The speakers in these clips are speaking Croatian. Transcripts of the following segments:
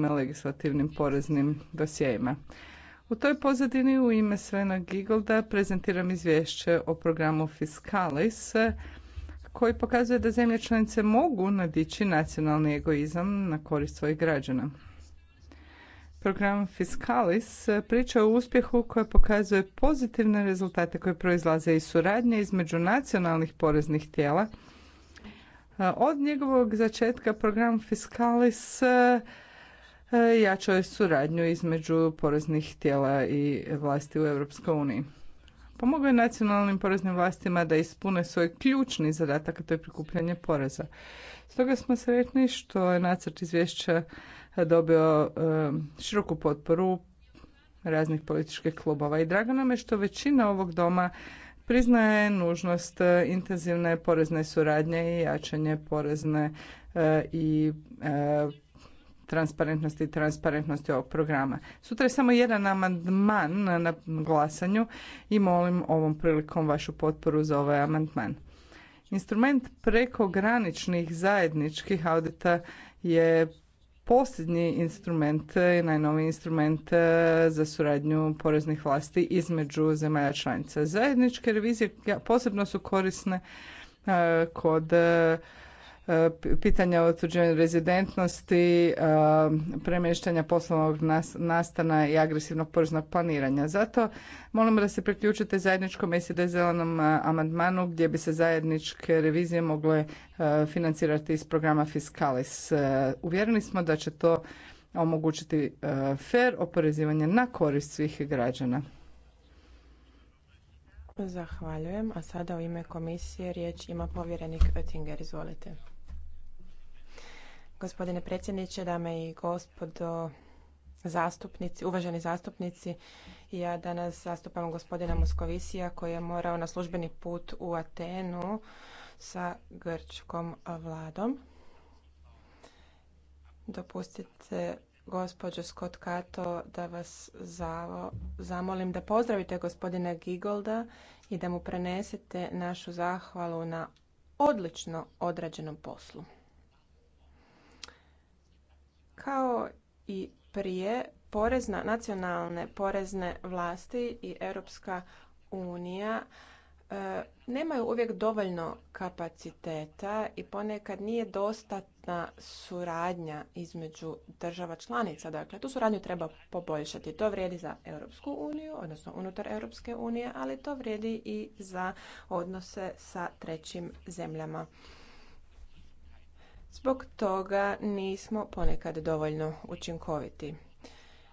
legislativnim poreznim dosjejima. U toj pozadini u ime Svena Gigolda prezentiram izvješće o programu Fiscalis koji pokazuje da zemlje članice mogu nadići nacionalni egoizam na korist svojih građana. Program Fiscalis priča o uspjehu koja pokazuje pozitivne rezultate koje proizlaze iz suradnje između nacionalnih poreznih tijela. Od njegovog začetka program Fiscalis E, jačao je suradnju između poreznih tijela i vlasti u Europskoj uniji. Pomogao je nacionalnim poreznim vlastima da ispune svoj ključni zadatak, a to je prikupljanje poreza. Stoga smo sretni što je nacrt izvješća dobio e, široku potporu raznih političkih klubova i drago nam je što većina ovog doma priznaje nužnost e, intenzivne porezne suradnje i jačanje porezne i transparentnosti i transparentnosti ovog programa. Sutra je samo jedan amandman na glasanju i molim ovom prilikom vašu potporu za ovaj amandman. Instrument prekograničnih zajedničkih audita je posljednji instrument i najnoviji instrument e, za suradnju poreznih vlasti između zemalja članica. Zajedničke revizije posebno su korisne e, kod e, E, pitanja o otuđenju rezidentnosti, e, premještanja poslovnog nastana i agresivnog poreznog planiranja. Zato molim da se priključite zajedničkom SED zelenom e, amandmanu gdje bi se zajedničke revizije mogle financirati iz programa Fiskalis. Uvjereni smo da će to omogućiti fer oporezivanje na korist svih građana. Zahvaljujem. A sada u ime komisije riječ ima povjerenik Oettinger. Izvolite. Gospodine predsjedniče, dame i gospodo zastupnici, uvaženi zastupnici, ja danas zastupam gospodina Moskovisija koji je morao na službeni put u Atenu sa grčkom vladom. Dopustite gospođo Scott Kato, da vas zamolim da pozdravite gospodina Gigolda i da mu prenesete našu zahvalu na odlično odrađenom poslu. Kao i prije, porezna, nacionalne porezne vlasti i Europska unija E, nemaju uvijek dovoljno kapaciteta i ponekad nije dostatna suradnja između država članica. Dakle, tu suradnju treba poboljšati. To vrijedi za Europsku uniju, odnosno unutar Europske unije, ali to vrijedi i za odnose sa trećim zemljama. Zbog toga nismo ponekad dovoljno učinkoviti.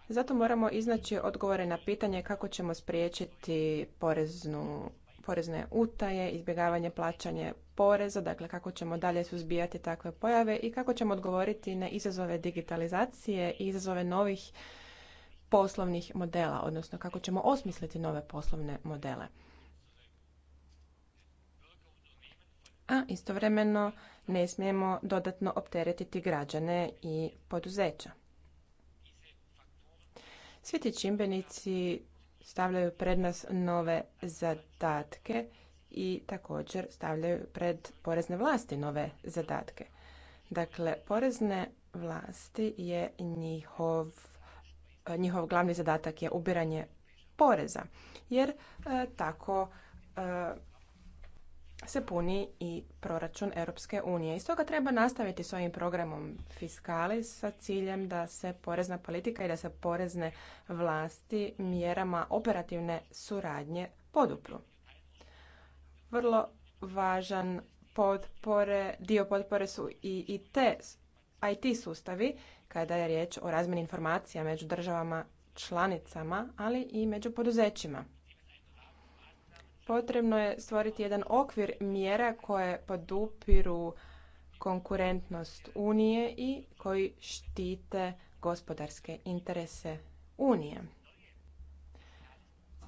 Zato moramo iznaći odgovore na pitanje kako ćemo spriječiti poreznu porezne utaje, izbjegavanje plaćanje poreza, dakle kako ćemo dalje suzbijati takve pojave i kako ćemo odgovoriti na izazove digitalizacije i izazove novih poslovnih modela, odnosno kako ćemo osmisliti nove poslovne modele. A istovremeno ne smijemo dodatno opteretiti građane i poduzeća. Svi ti čimbenici stavljaju pred nas nove zadatke i također stavljaju pred porezne vlasti nove zadatke. Dakle, porezne vlasti je njihov, njihov glavni zadatak je ubiranje poreza jer e, tako e, se puni i proračun Europske unije. I stoga treba nastaviti s ovim programom fiskali sa ciljem da se porezna politika i da se porezne vlasti mjerama operativne suradnje podupru. Vrlo važan potpore, dio potpore su i, i te IT sustavi kada je riječ o razmjeni informacija među državama članicama, ali i među poduzećima. Potrebno je stvoriti jedan okvir mjera koje podupiru konkurentnost Unije i koji štite gospodarske interese Unije.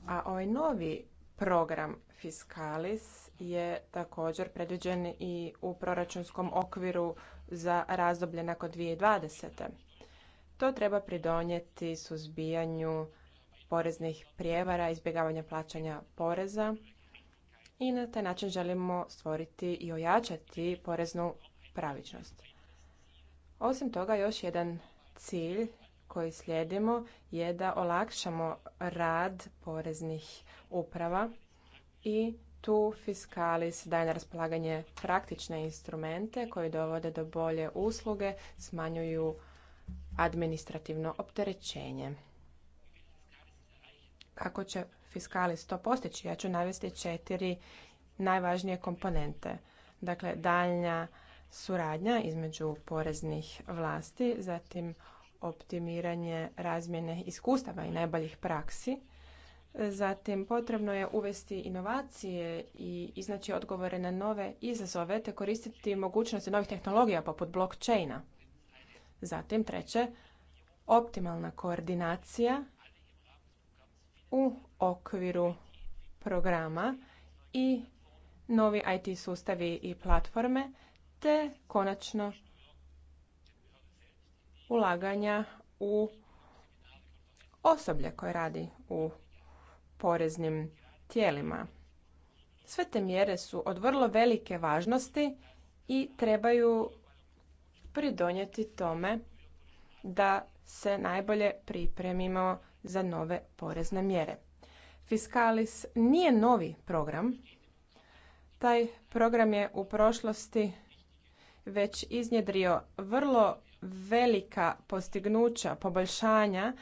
A ovaj novi program fiskalis je također predviđen i u proračunskom okviru za razdoblje nakon 2020. To treba pridonijeti suzbijanju poreznih prijevara, izbjegavanja plaćanja poreza i na taj način želimo stvoriti i ojačati poreznu pravičnost. Osim toga, još jedan cilj koji slijedimo je da olakšamo rad poreznih uprava i tu Fiskalis daje na raspolaganje praktične instrumente koji dovode do bolje usluge, smanjuju administrativno opterećenje kako će fiskali to postići, ja ću navesti četiri najvažnije komponente. Dakle, daljnja suradnja između poreznih vlasti, zatim optimiranje razmjene iskustava i najboljih praksi, Zatim potrebno je uvesti inovacije i iznaći odgovore na nove izazove te koristiti mogućnosti novih tehnologija poput blockchaina. Zatim treće, optimalna koordinacija u okviru programa i novi IT sustavi i platforme te konačno ulaganja u osoblje koje radi u poreznim tijelima. Sve te mjere su od vrlo velike važnosti i trebaju pridonijeti tome da se najbolje pripremimo za nove porezne mjere. Fiskalis nije novi program. Taj program je u prošlosti već iznjedrio vrlo velika postignuća, poboljšanja,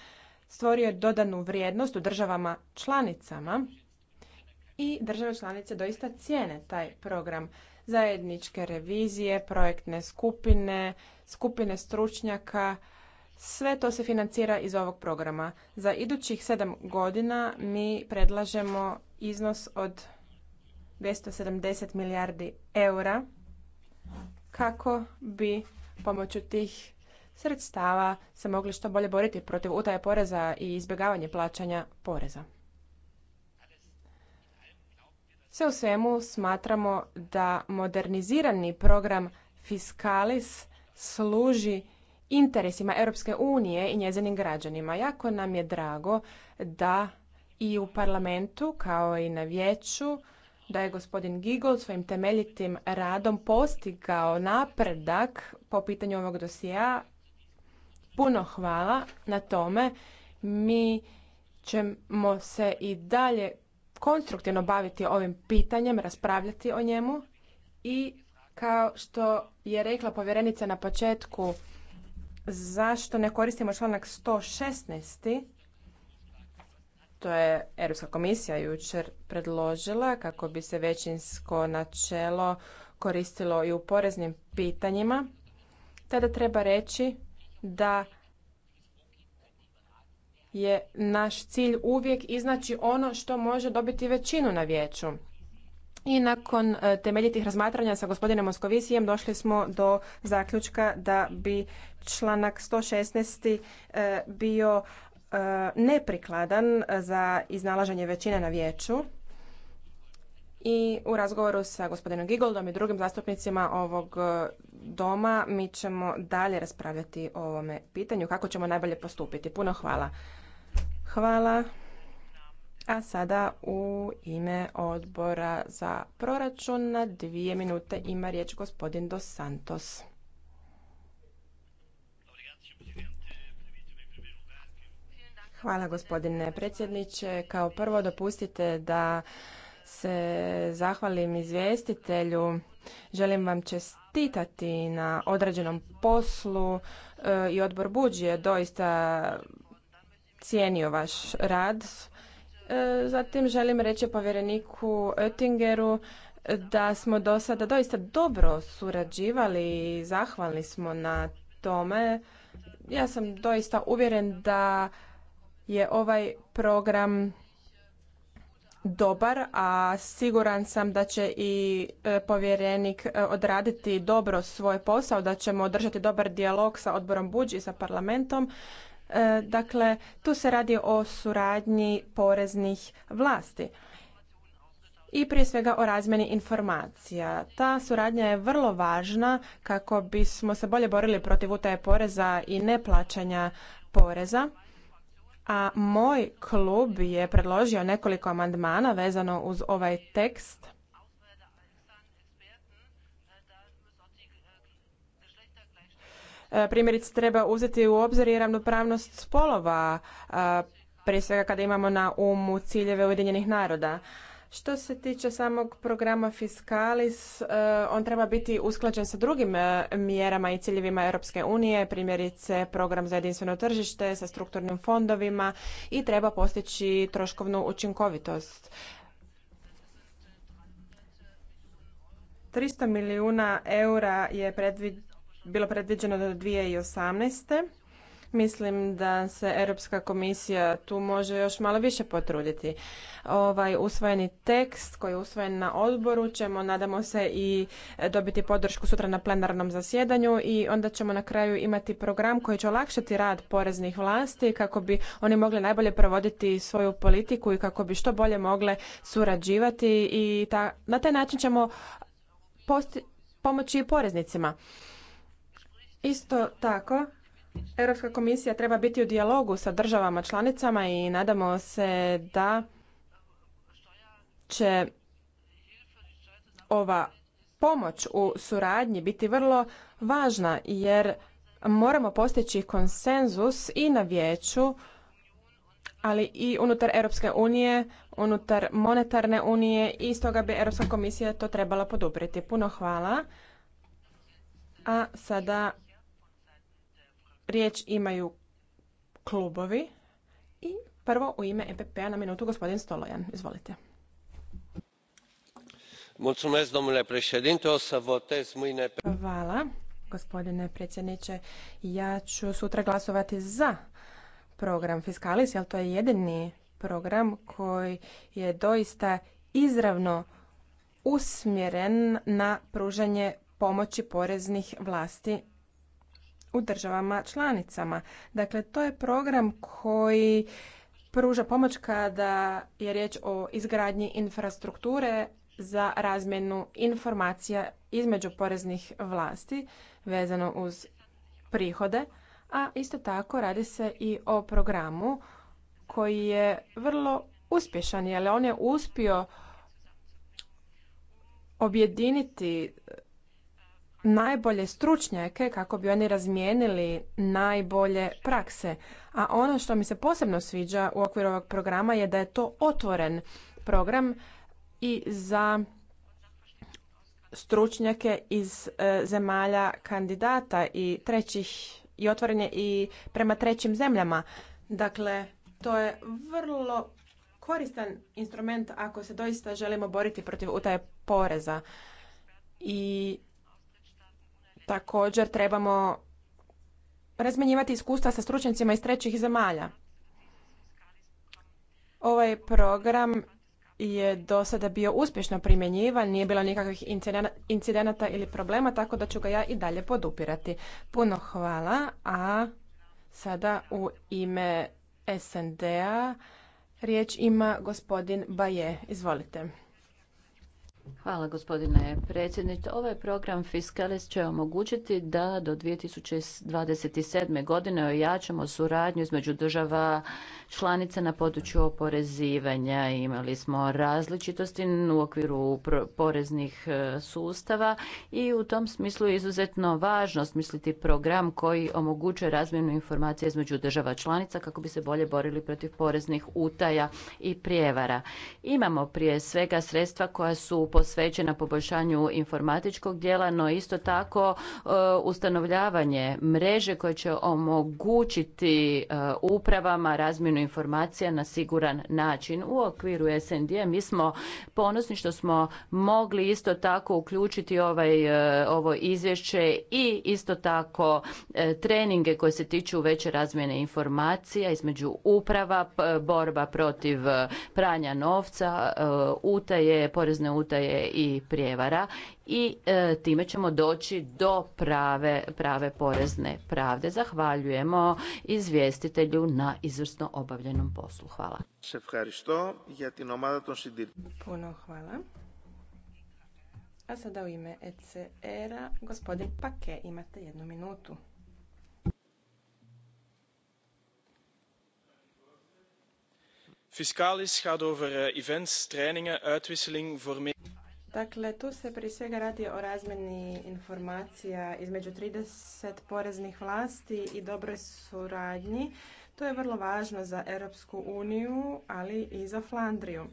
stvorio je dodanu vrijednost u državama članicama i države članice doista cijene taj program zajedničke revizije, projektne skupine, skupine stručnjaka sve to se financira iz ovog programa. Za idućih sedam godina mi predlažemo iznos od 270 milijardi eura kako bi pomoću tih sredstava se mogli što bolje boriti protiv utaje poreza i izbjegavanje plaćanja poreza. Sve u svemu smatramo da modernizirani program Fiskalis služi interesima Europske unije i njezinim građanima. Jako nam je drago da i u parlamentu kao i na vijeću da je gospodin Gigol svojim temeljitim radom postigao napredak po pitanju ovog dosija. Puno hvala na tome. Mi ćemo se i dalje konstruktivno baviti ovim pitanjem, raspravljati o njemu i kao što je rekla povjerenica na početku zašto ne koristimo članak 116. To je Europska komisija jučer predložila kako bi se većinsko načelo koristilo i u poreznim pitanjima. Tada treba reći da je naš cilj uvijek iznaći ono što može dobiti većinu na vijeću i nakon e, temeljitih razmatranja sa gospodinom Moskovisijem došli smo do zaključka da bi članak 116. E, bio e, neprikladan za iznalaženje većine na vijeću i u razgovoru sa gospodinom Gigoldom i drugim zastupnicima ovog doma mi ćemo dalje raspravljati o ovome pitanju kako ćemo najbolje postupiti. Puno hvala. Hvala. A sada u ime odbora za proračun na dvije minute ima riječ gospodin Dos Santos. Hvala gospodine predsjedniče. Kao prvo dopustite da se zahvalim izvjestitelju. Želim vam čestitati na odrađenom poslu e, i odbor Buđi je doista cijenio vaš rad E, zatim želim reći povjereniku Oettingeru da smo do sada doista dobro surađivali i zahvalni smo na tome. Ja sam doista uvjeren da je ovaj program dobar, a siguran sam da će i e, povjerenik e, odraditi dobro svoj posao, da ćemo održati dobar dijalog sa odborom Buđi i sa parlamentom E, dakle, tu se radi o suradnji poreznih vlasti i prije svega o razmjeni informacija. Ta suradnja je vrlo važna kako bismo se bolje borili protiv utaje poreza i neplaćanja poreza. A moj klub je predložio nekoliko amandmana vezano uz ovaj tekst E, primjerice treba uzeti u obzir i ravnopravnost spolova, e, prije svega kada imamo na umu ciljeve Ujedinjenih naroda. Što se tiče samog programa Fiskalis, e, on treba biti usklađen sa drugim mjerama i ciljevima Europske unije, primjerice program za jedinstveno tržište sa strukturnim fondovima i treba postići troškovnu učinkovitost. 300 milijuna eura je predviđeno bilo predviđeno do 2018. Mislim da se Europska komisija tu može još malo više potruditi. Ovaj usvojeni tekst koji je usvojen na odboru ćemo, nadamo se, i dobiti podršku sutra na plenarnom zasjedanju i onda ćemo na kraju imati program koji će olakšati rad poreznih vlasti kako bi oni mogli najbolje provoditi svoju politiku i kako bi što bolje mogle surađivati i ta, na taj način ćemo pomoći i poreznicima. Isto tako, Europska komisija treba biti u dijalogu sa državama članicama i nadamo se da će ova pomoć u suradnji biti vrlo važna jer moramo postići konsenzus i na vijeću ali i unutar Europske unije, unutar monetarne unije i stoga bi Europska komisija to trebala poduprijeti. Puno hvala. A sada Riječ imaju klubovi i prvo u ime EPP-a na minutu gospodin Stolojan. Izvolite. Mulțumesc, domnule președinte, o Hvala, gospodine predsjedniče. Ja ću sutra glasovati za program Fiskalis, jer to je jedini program koji je doista izravno usmjeren na pružanje pomoći poreznih vlasti u državama članicama. Dakle, to je program koji pruža pomoć kada je riječ o izgradnji infrastrukture za razmjenu informacija između poreznih vlasti vezano uz prihode, a isto tako radi se i o programu koji je vrlo uspješan jer on je uspio objediniti najbolje stručnjake kako bi oni razmijenili najbolje prakse. A ono što mi se posebno sviđa u okviru ovog programa je da je to otvoren program i za stručnjake iz e, zemalja kandidata i trećih i otvoren je i prema trećim zemljama. Dakle, to je vrlo koristan instrument ako se doista želimo boriti protiv utaje poreza. I Također trebamo razmjenjivati iskustva sa stručnjacima iz trećih zemalja. Ovaj program je do sada bio uspješno primjenjivan, nije bilo nikakvih incidenata ili problema, tako da ću ga ja i dalje podupirati. Puno hvala, a sada u ime SND-a riječ ima gospodin Baje. Izvolite. Hvala gospodine predsjedniče. Ovaj program Fiskalis će omogućiti da do 2027. godine ojačamo suradnju između država članica na području oporezivanja. Imali smo različitosti u okviru poreznih e, sustava i u tom smislu je izuzetno važno smisliti program koji omogućuje razmjenu informacija između država članica kako bi se bolje borili protiv poreznih utaja i prijevara. Imamo prije svega sredstva koja su posvećena poboljšanju informatičkog dijela, no isto tako e, ustanovljavanje mreže koje će omogućiti e, upravama razmjenu informacija na siguran način. U okviru SND mi smo ponosni što smo mogli isto tako uključiti ovaj, e, ovo izvješće i isto tako treninge koje se tiču veće razmjene informacija između uprava, borba protiv pranja novca, utaje, porezne utaje i prijevara i e, time ćemo doći do prave, prave porezne pravde. Zahvaljujemo izvjestitelju na izvrsno obavljenom poslu. Hvala. Puno hvala. A sada u ime ECR-a gospodin Pake imate jednu minutu. Fiskalis gaat over eh, events, trainingen, uitwisseling, voor Dakle, tu se prije svega radi o razmjeni informacija između 30 poreznih vlasti i dobroj suradnji. To je vrlo važno za Europsku uniju, ali i za Flandriju.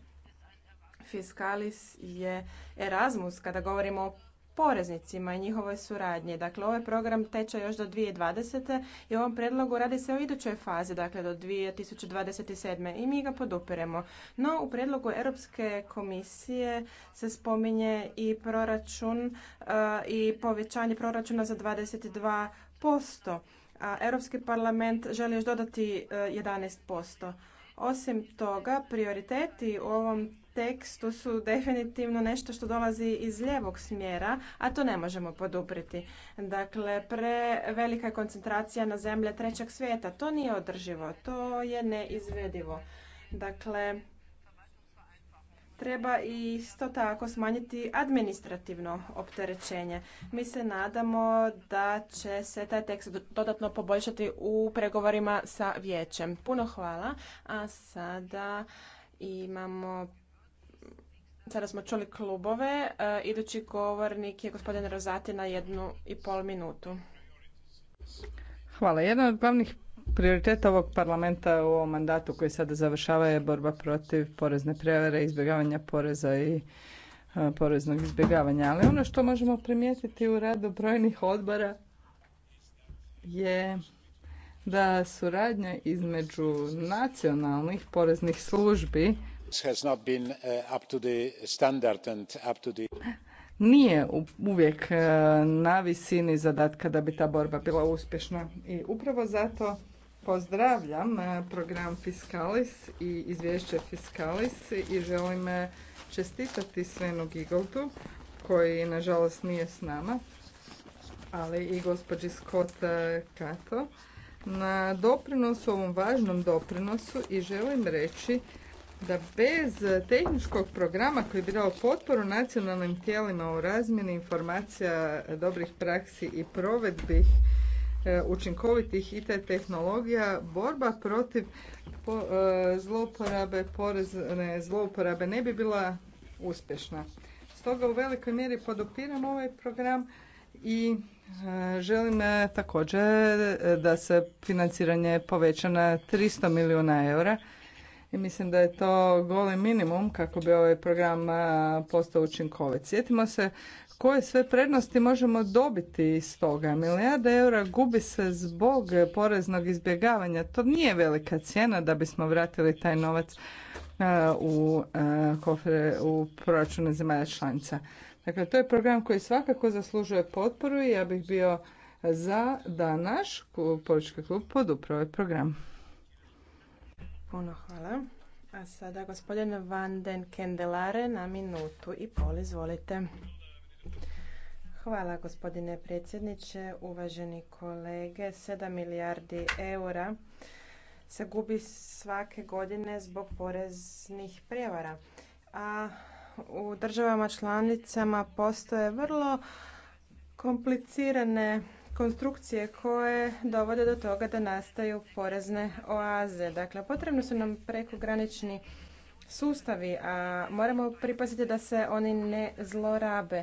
Fiskalis je Erasmus kada govorimo o poreznicima i njihovoj suradnji. Dakle, ovaj program teče još do 2020. i u ovom predlogu radi se o idućoj fazi, dakle do 2027. i mi ga podupiremo. No, u predlogu Europske komisije se spominje i proračun e, i povećanje proračuna za 22%. A Europski parlament želi još dodati 11%. E, Osim toga, prioriteti u ovom tekstu su definitivno nešto što dolazi iz lijevog smjera, a to ne možemo podupriti. Dakle, prevelika je koncentracija na zemlje trećeg svijeta. To nije održivo, to je neizvedivo. Dakle, treba isto tako smanjiti administrativno opterećenje. Mi se nadamo da će se taj tekst dodatno poboljšati u pregovorima sa vijećem. Puno hvala, a sada imamo Sada smo čuli klubove. E, idući govornik je gospodin Rozati na jednu i pol minutu. Hvala. Jedan od glavnih prioriteta ovog parlamenta u ovom mandatu koji sada završava je borba protiv porezne prevare, izbjegavanja poreza i e, poreznog izbjegavanja. Ali ono što možemo primijetiti u radu brojnih odbora je da suradnja između nacionalnih poreznih službi nije uvijek na visini zadatka da bi ta borba bila uspješna i upravo zato pozdravljam uh, program Fiskalis i izvješće Fiskalis i želim uh, čestitati Svenu Gigoldu koji nažalost nije s nama, ali i gospođi Scott Kato uh, na doprinosu, ovom važnom doprinosu i želim reći da bez tehničkog programa koji bi dao potporu nacionalnim tijelima u razmjeni informacija dobrih praksi i provedbi eh, učinkovitih IT tehnologija, borba protiv eh, zlouporabe, porezne zlouporabe ne bi bila uspješna. Stoga u velikoj mjeri podupiram ovaj program i eh, želim također da se financiranje poveća na 300 milijuna eura mislim da je to goli minimum kako bi ovaj program postao učinkovit. Sjetimo se koje sve prednosti možemo dobiti iz toga. Milijarda eura gubi se zbog poreznog izbjegavanja. To nije velika cijena da bismo vratili taj novac u kofre, u proračune zemalja članica. Dakle, to je program koji svakako zaslužuje potporu i ja bih bio za da naš politički klub podupra ovaj program. Puno hvala. A sada gospodin Van den Kendelare na minutu i pol, izvolite. Hvala gospodine predsjedniče, uvaženi kolege. 7 milijardi eura se gubi svake godine zbog poreznih prijevara. A u državama članicama postoje vrlo komplicirane konstrukcije koje dovode do toga da nastaju porezne oaze. Dakle, potrebno su nam prekogranični sustavi, a moramo pripaziti da se oni ne zlorabe.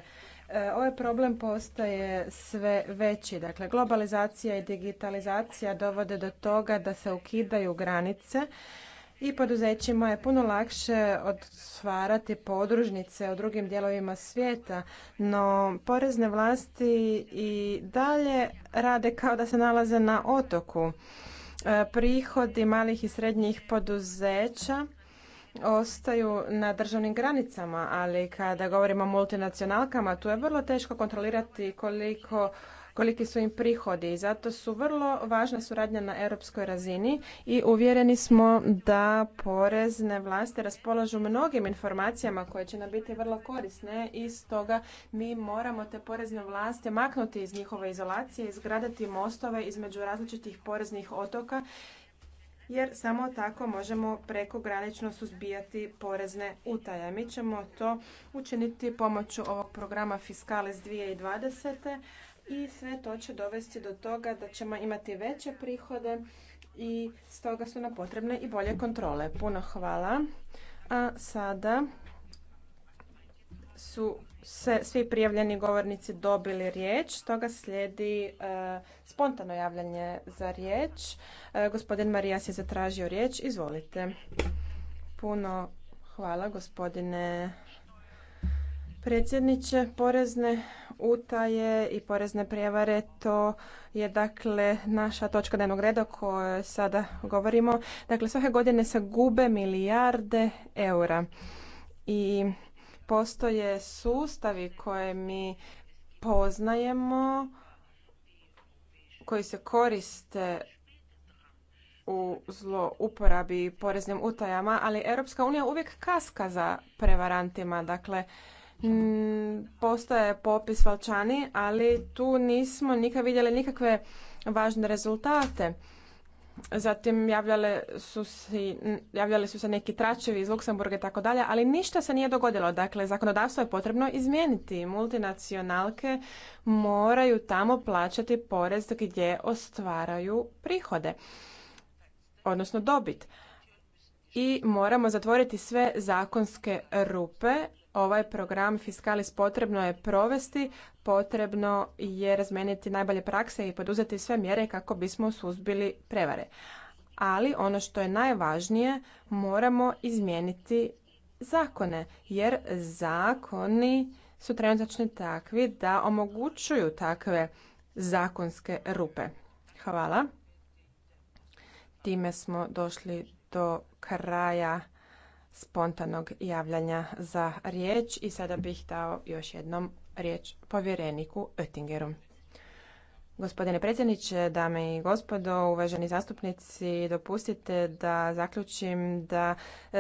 E, ovaj problem postaje sve veći. Dakle, globalizacija i digitalizacija dovode do toga da se ukidaju granice, i poduzećima je puno lakše otvarati podružnice u drugim dijelovima svijeta, no porezne vlasti i dalje rade kao da se nalaze na otoku. E, prihodi malih i srednjih poduzeća ostaju na državnim granicama, ali kada govorimo o multinacionalkama, tu je vrlo teško kontrolirati koliko koliki su im prihodi. Zato su vrlo važna suradnja na europskoj razini i uvjereni smo da porezne vlasti raspolažu mnogim informacijama koje će nam biti vrlo korisne i stoga mi moramo te porezne vlasti maknuti iz njihove izolacije, izgraditi mostove između različitih poreznih otoka jer samo tako možemo prekogranično suzbijati porezne utaje. Mi ćemo to učiniti pomoću ovog programa Fiskalis 2020 i sve to će dovesti do toga da ćemo imati veće prihode i stoga su nam potrebne i bolje kontrole. Puno hvala. A sada su svi prijavljeni govornici dobili riječ, toga slijedi e, spontano javljanje za riječ. E, gospodin Marijas je zatražio riječ, izvolite. Puno hvala gospodine predsjedniče porezne utaje i porezne prijevare. To je dakle naša točka dnevnog reda o kojoj sada govorimo. Dakle, svake godine se gube milijarde eura i postoje sustavi koje mi poznajemo koji se koriste u zlouporabi poreznim utajama, ali Europska unija uvijek kaska za prevarantima. Dakle, Mm, postoje popis valčani, ali tu nismo nikad vidjeli nikakve važne rezultate. Zatim javljale su, javljali su se neki tračevi iz Luksemburga i tako dalje, ali ništa se nije dogodilo. Dakle, zakonodavstvo je potrebno izmijeniti. Multinacionalke moraju tamo plaćati porez gdje ostvaraju prihode, odnosno dobit. I moramo zatvoriti sve zakonske rupe ovaj program Fiskalis potrebno je provesti, potrebno je razmeniti najbolje prakse i poduzeti sve mjere kako bismo suzbili prevare. Ali ono što je najvažnije, moramo izmijeniti zakone, jer zakoni su trenutačni takvi da omogućuju takve zakonske rupe. Hvala. Time smo došli do kraja spontanog javljanja za riječ i sada bih dao još jednom riječ povjereniku Oettingeru. Gospodine predsjedniče, dame i gospodo, uvaženi zastupnici, dopustite da zaključim da e,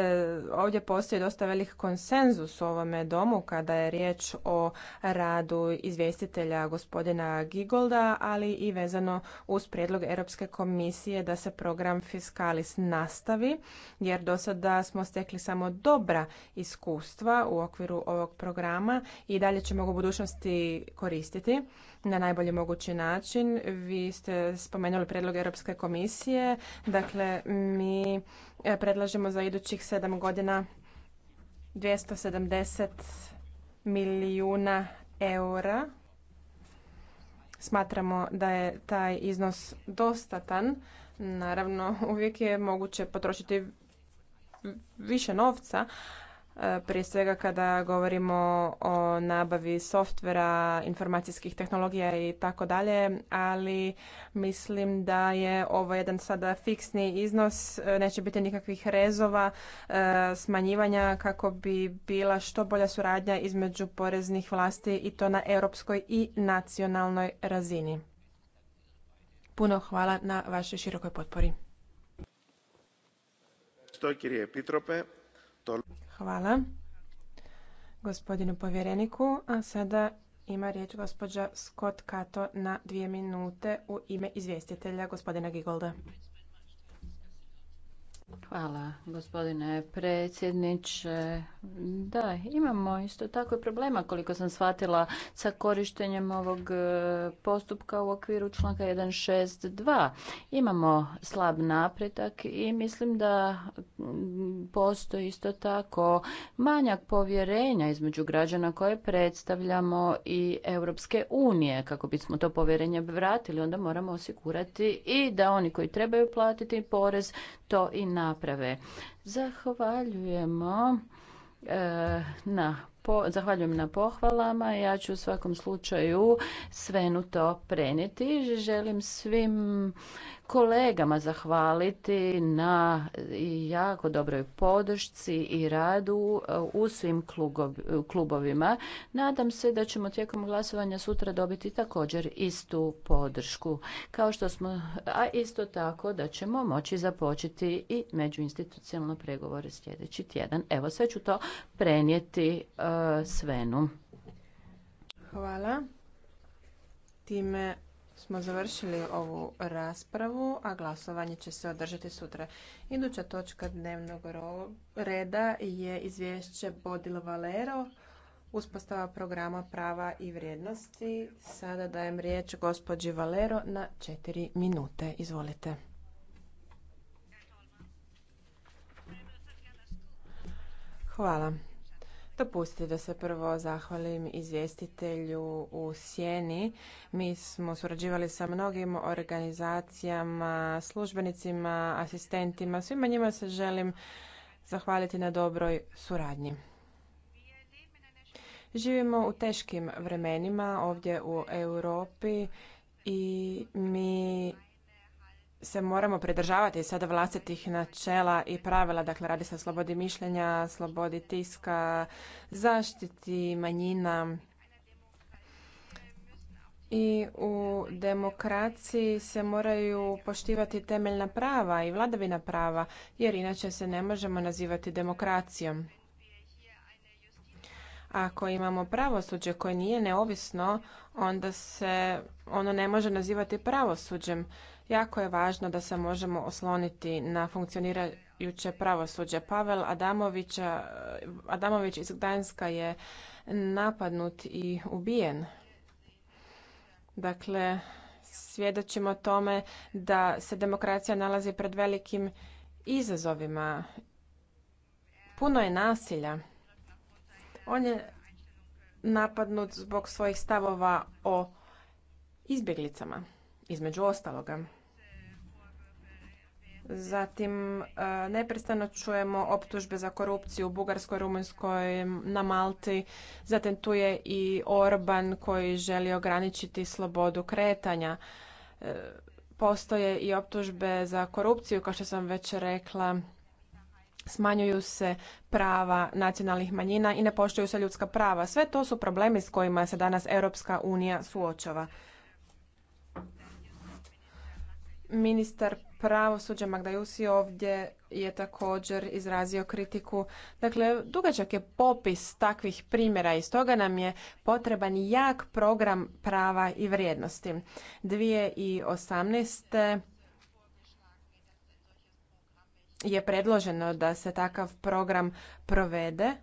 ovdje postoji dosta velik konsenzus u ovome domu kada je riječ o radu izvjestitelja gospodina Gigolda, ali i vezano uz prijedlog Europske komisije da se program Fiskalis nastavi, jer do sada smo stekli samo dobra iskustva u okviru ovog programa i dalje ćemo ga u budućnosti koristiti na najbolji mogući način. Vi ste spomenuli predlog Europske komisije. Dakle, mi e, predlažemo za idućih sedam godina 270 milijuna eura. Smatramo da je taj iznos dostatan. Naravno, uvijek je moguće potrošiti više novca, E, prije svega kada govorimo o nabavi softvera, informacijskih tehnologija i tako dalje, ali mislim da je ovo jedan sada fiksni iznos, e, neće biti nikakvih rezova, e, smanjivanja kako bi bila što bolja suradnja između poreznih vlasti i to na europskoj i nacionalnoj razini. Puno hvala na vašoj širokoj potpori. Hvala gospodinu povjereniku. A sada ima riječ gospođa Scott Kato na dvije minute u ime izvjestitelja gospodina Gigolda. Hvala gospodine predsjedniče. Da, imamo isto tako problema koliko sam shvatila sa korištenjem ovog e, postupka u okviru članka 162. Imamo slab napretak i mislim da postoji isto tako manjak povjerenja između građana koje predstavljamo i Europske unije. Kako bismo to povjerenje vratili, onda moramo osigurati i da oni koji trebaju platiti porez to i na naprave. Zahvaljujemo e, na po, zahvaljujem na pohvalama. Ja ću u svakom slučaju svenu to prenijeti. Želim svim kolegama zahvaliti na jako dobroj podršci i radu uh, u svim uh, klubovima. Nadam se da ćemo tijekom glasovanja sutra dobiti također istu podršku. Kao što smo, a isto tako da ćemo moći započeti i međuinstitucionalno pregovore sljedeći tjedan. Evo sve ću to prenijeti uh, Svenu. Hvala. Time smo završili ovu raspravu, a glasovanje će se održati sutra. Iduća točka dnevnog reda je izvješće Bodil Valero, uspostava programa prava i vrijednosti. Sada dajem riječ gospođi Valero na četiri minute. Izvolite. Hvala. Dopustite da se prvo zahvalim izvjestitelju u Sjeni. Mi smo surađivali sa mnogim organizacijama, službenicima, asistentima. Svima njima se želim zahvaliti na dobroj suradnji. Živimo u teškim vremenima ovdje u Europi i mi se moramo pridržavati sada vlastitih načela i pravila. Dakle, radi se o slobodi mišljenja, slobodi tiska, zaštiti manjina. I u demokraciji se moraju poštivati temeljna prava i vladavina prava, jer inače se ne možemo nazivati demokracijom. Ako imamo pravosuđe koje nije neovisno, onda se ono ne može nazivati pravosuđem. Jako je važno da se možemo osloniti na funkcionirajuće pravosuđe. Pavel Adamovića, eh, Adamović iz Gdanska je napadnut i ubijen. Dakle, svjedočimo tome da se demokracija nalazi pred velikim izazovima. Puno je nasilja. On je napadnut zbog svojih stavova o izbjeglicama između ostaloga. Zatim e, neprestano čujemo optužbe za korupciju u Bugarskoj, Rumunjskoj, na Malti. Zatim tu je i Orban koji želi ograničiti slobodu kretanja. E, postoje i optužbe za korupciju, kao što sam već rekla, smanjuju se prava nacionalnih manjina i ne poštuju se ljudska prava. Sve to su problemi s kojima se danas Europska unija suočava. Ministar pravosuđa Magdajusi ovdje je također izrazio kritiku. Dakle, dugačak je popis takvih primjera i stoga nam je potreban jak program prava i vrijednosti. 2018 je predloženo da se takav program provede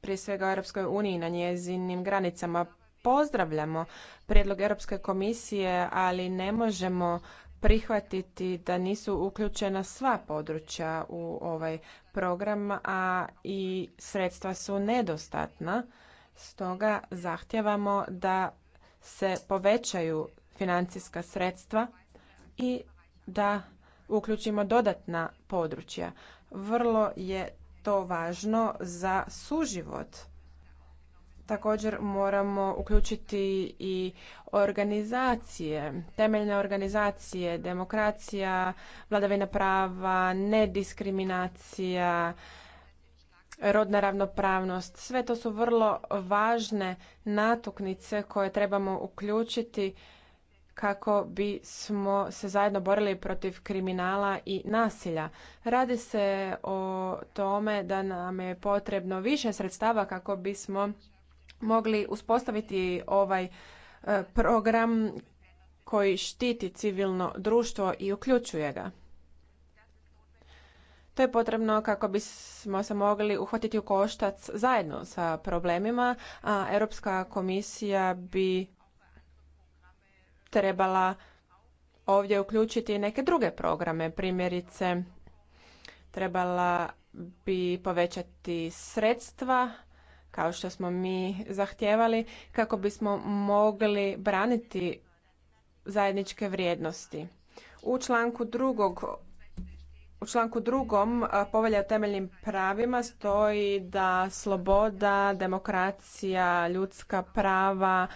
prije svega u Europskoj uniji na njezinim granicama pozdravljamo prijedlog Europske komisije, ali ne možemo prihvatiti da nisu uključena sva područja u ovaj program, a i sredstva su nedostatna. Stoga zahtjevamo da se povećaju financijska sredstva i da uključimo dodatna područja. Vrlo je to važno za suživot Također moramo uključiti i organizacije, temeljne organizacije, demokracija, vladavina prava, nediskriminacija, rodna ravnopravnost. Sve to su vrlo važne natuknice koje trebamo uključiti kako bismo se zajedno borili protiv kriminala i nasilja. Radi se o tome da nam je potrebno više sredstava kako bismo mogli uspostaviti ovaj e, program koji štiti civilno društvo i uključuje ga. To je potrebno kako bismo se mogli uhvatiti u koštac zajedno sa problemima, a Europska komisija bi trebala ovdje uključiti neke druge programe, primjerice trebala bi povećati sredstva kao što smo mi zahtjevali, kako bismo mogli braniti zajedničke vrijednosti. U članku drugog u članku drugom povelja o temeljnim pravima stoji da sloboda, demokracija, ljudska prava,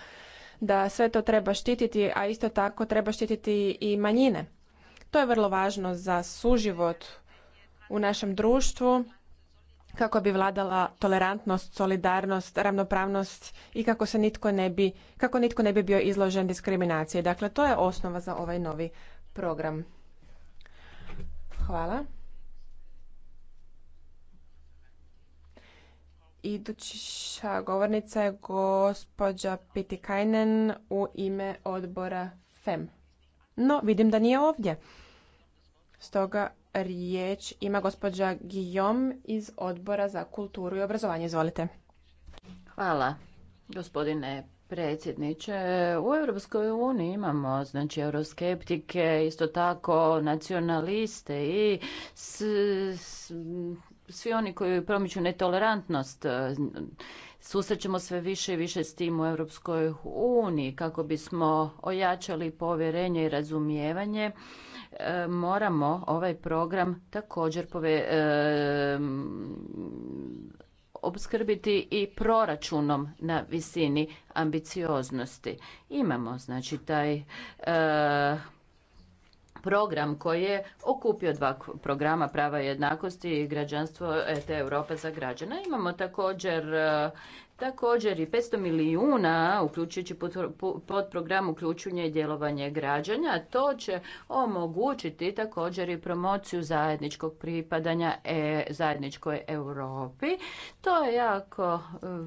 da sve to treba štititi, a isto tako treba štititi i manjine. To je vrlo važno za suživot u našem društvu kako bi vladala tolerantnost, solidarnost, ravnopravnost i kako se nitko ne bi, kako nitko ne bi bio izložen diskriminaciji. Dakle, to je osnova za ovaj novi program. Hvala. Iduća govornica je gospođa Pitikajnen u ime odbora FEM. No, vidim da nije ovdje. Stoga riječ ima gospođa Guillaume iz Odbora za kulturu i obrazovanje. Izvolite. Hvala, gospodine predsjedniče. U Europskoj uniji imamo znači euroskeptike, isto tako nacionaliste i svi oni koji promiču netolerantnost susrećemo sve više i više s tim u Europskoj uniji kako bismo ojačali povjerenje i razumijevanje moramo ovaj program također pove, e, obskrbiti i proračunom na visini ambicioznosti. Imamo znači taj e, program koji je okupio dva programa prava i jednakosti i građanstvo e, te Europe za građana. Imamo također e, Također i 500 milijuna, uključujući pod program uključenje i djelovanje građanja, to će omogućiti također i promociju zajedničkog pripadanja e, zajedničkoj Europi. To je jako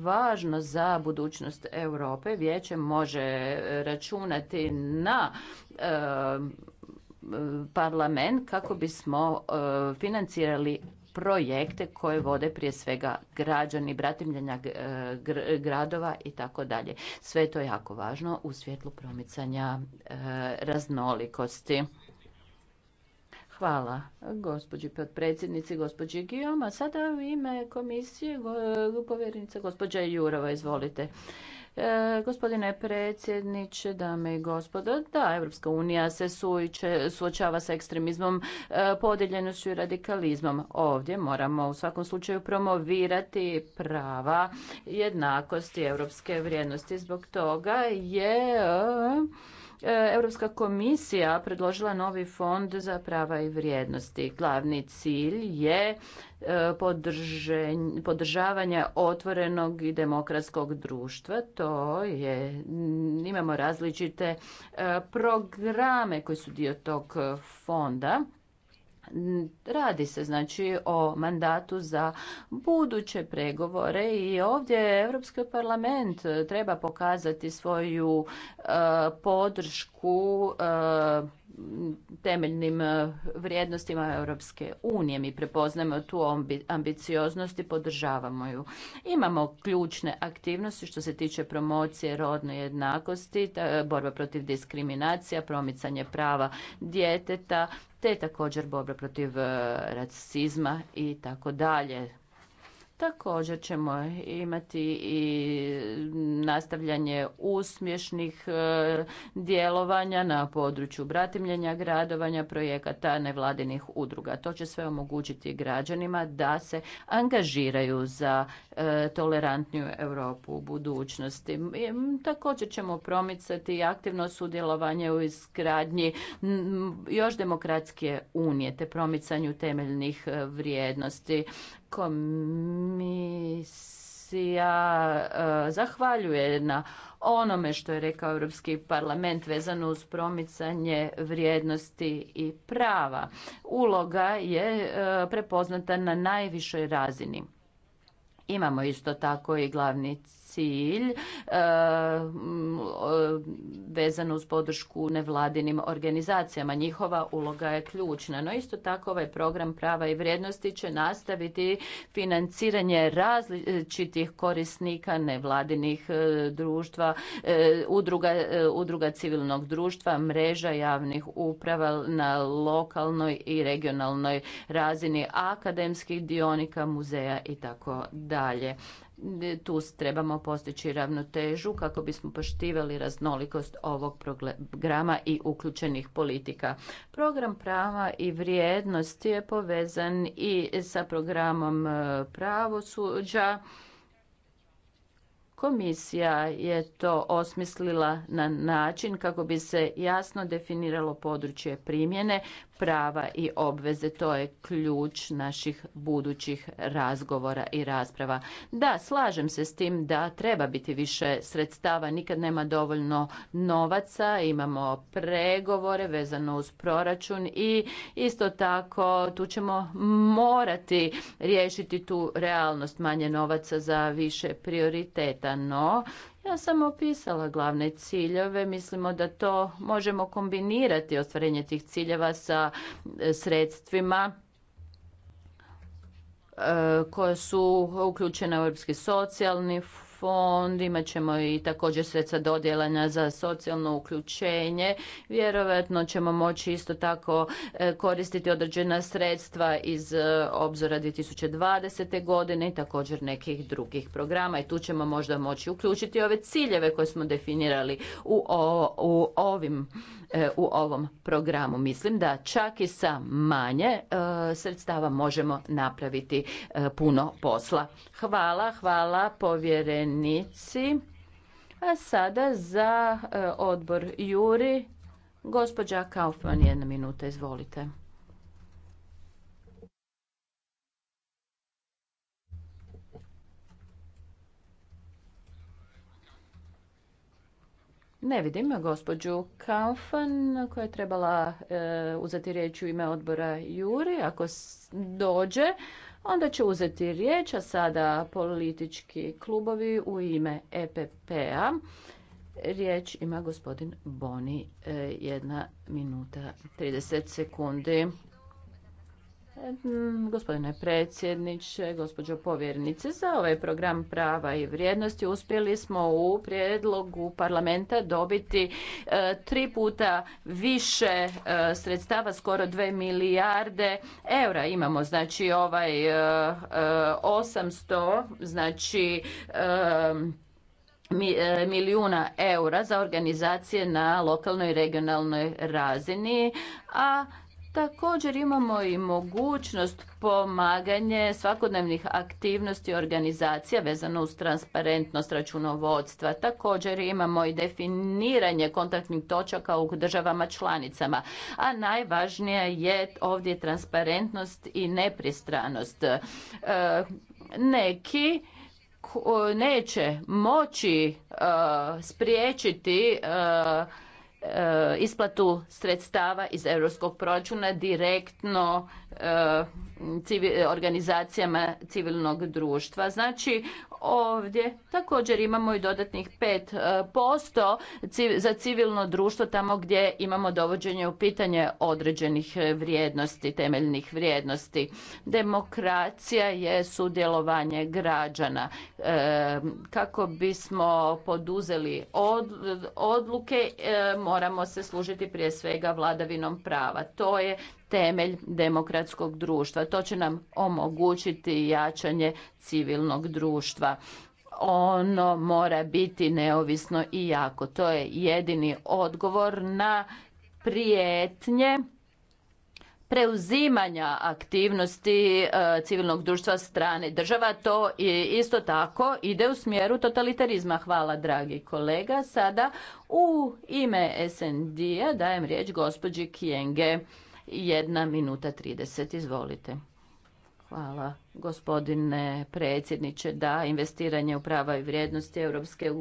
važno za budućnost Europe. Vijeće može e, računati na parlament kako bismo e, financirali projekte koje vode prije svega građani, bratimljenja gradova i tako dalje. Sve je to jako važno u svjetlu promicanja e, raznolikosti. Hvala gospođi potpredsjednici, gospođi Gijoma. Sada u ime komisije povjerenica gospođa Jurova, izvolite. E, gospodine predsjedniče, dame i gospodo, da, Evropska unija se suočava sa ekstremizmom, e, i radikalizmom. Ovdje moramo u svakom slučaju promovirati prava jednakosti evropske vrijednosti. Zbog toga je... E, E, Europska komisija predložila novi fond za prava i vrijednosti. Glavni cilj je e, podržavanje otvorenog i demokratskog društva. To je, imamo različite e, programe koji su dio tog fonda Radi se znači o mandatu za buduće pregovore i ovdje Europski parlament treba pokazati svoju eh, podršku eh, temeljnim e, vrijednostima Europske unije. Mi prepoznajemo tu ambicioznost i podržavamo ju. Imamo ključne aktivnosti što se tiče promocije rodne jednakosti, e, borba protiv diskriminacija, promicanje prava djeteta, te također borba protiv e, rasizma i tako dalje. Također ćemo imati i nastavljanje usmješnih e, djelovanja na području bratimljenja, gradovanja, projekata nevladinih udruga. To će sve omogućiti građanima da se angažiraju za e, tolerantniju Europu u budućnosti. Također ćemo promicati aktivno sudjelovanje u izgradnji još demokratske unije te promicanju temeljnih e, vrijednosti komisija e, zahvaljuje na onome što je rekao Europski parlament vezano uz promicanje vrijednosti i prava. Uloga je e, prepoznata na najvišoj razini. Imamo isto tako i glavni cilj e, vezano uz podršku nevladinim organizacijama. Njihova uloga je ključna. No isto tako ovaj program prava i vrijednosti će nastaviti financiranje različitih korisnika nevladinih e, društva, e, udruga, udruga civilnog društva, mreža javnih uprava na lokalnoj i regionalnoj razini, akademskih dionika, muzeja i tako dalje tu trebamo postići ravnotežu kako bismo poštivali raznolikost ovog programa i uključenih politika. Program prava i vrijednosti je povezan i sa programom e, pravosuđa. Komisija je to osmislila na način kako bi se jasno definiralo područje primjene, prava i obveze. To je ključ naših budućih razgovora i rasprava. Da, slažem se s tim da treba biti više sredstava, nikad nema dovoljno novaca, imamo pregovore vezano uz proračun i isto tako tu ćemo morati riješiti tu realnost manje novaca za više prioriteta, no ja sam opisala glavne ciljeve, mislimo da to možemo kombinirati ostvarenje tih ciljeva sa e, sredstvima e, koje su uključene u Europski socijalni fond, imat ćemo i također sredstva dodjelanja za socijalno uključenje. Vjerojatno ćemo moći isto tako e, koristiti određena sredstva iz e, obzora 2020. godine i također nekih drugih programa i tu ćemo možda moći uključiti ove ciljeve koje smo definirali u, u ovim e, u ovom programu. Mislim da čak i sa manje sredstava možemo napraviti puno posla. Hvala, hvala povjeren nici A sada za e, odbor Juri, gospođa Kaufman, jedna minuta, izvolite. Ne vidim gospođu Kaufan koja je trebala e, uzeti riječ u ime odbora Juri. Ako dođe, Onda će uzeti riječ, a sada politički klubovi u ime EPP-a. Riječ ima gospodin Boni, e, jedna minuta 30 sekundi. Mm, gospodine predsjedniče, gospođo povjernice, za ovaj program prava i vrijednosti uspjeli smo u prijedlogu parlamenta dobiti e, tri puta više e, sredstava, skoro dve milijarde eura. Imamo znači ovaj 800, e, znači milijuna eura za organizacije na lokalnoj i regionalnoj razini, a Također imamo i mogućnost pomaganje svakodnevnih aktivnosti organizacija vezano uz transparentnost računovodstva. Također imamo i definiranje kontaktnih točaka u državama članicama, a najvažnija je ovdje transparentnost i nepristranost. E, neki neće moći e, spriječiti e, E, isplatu sredstava iz europskog proračuna direktno E, organizacijama civilnog društva. Znači ovdje također imamo i dodatnih 5% e, za civilno društvo tamo gdje imamo dovođenje u pitanje određenih vrijednosti, temeljnih vrijednosti. Demokracija je sudjelovanje građana. E, kako bismo poduzeli odluke moramo se služiti prije svega vladavinom prava. To je temelj demokratskog društva. To će nam omogućiti jačanje civilnog društva. Ono mora biti neovisno i jako. To je jedini odgovor na prijetnje preuzimanja aktivnosti e, civilnog društva strane država. To isto tako ide u smjeru totalitarizma. Hvala, dragi kolega. Sada u ime SND-a dajem riječ gospođi Kijenge. Jedna minuta 30, izvolite. Hvala gospodine predsjedniče, da, investiranje u prava i vrijednosti Europske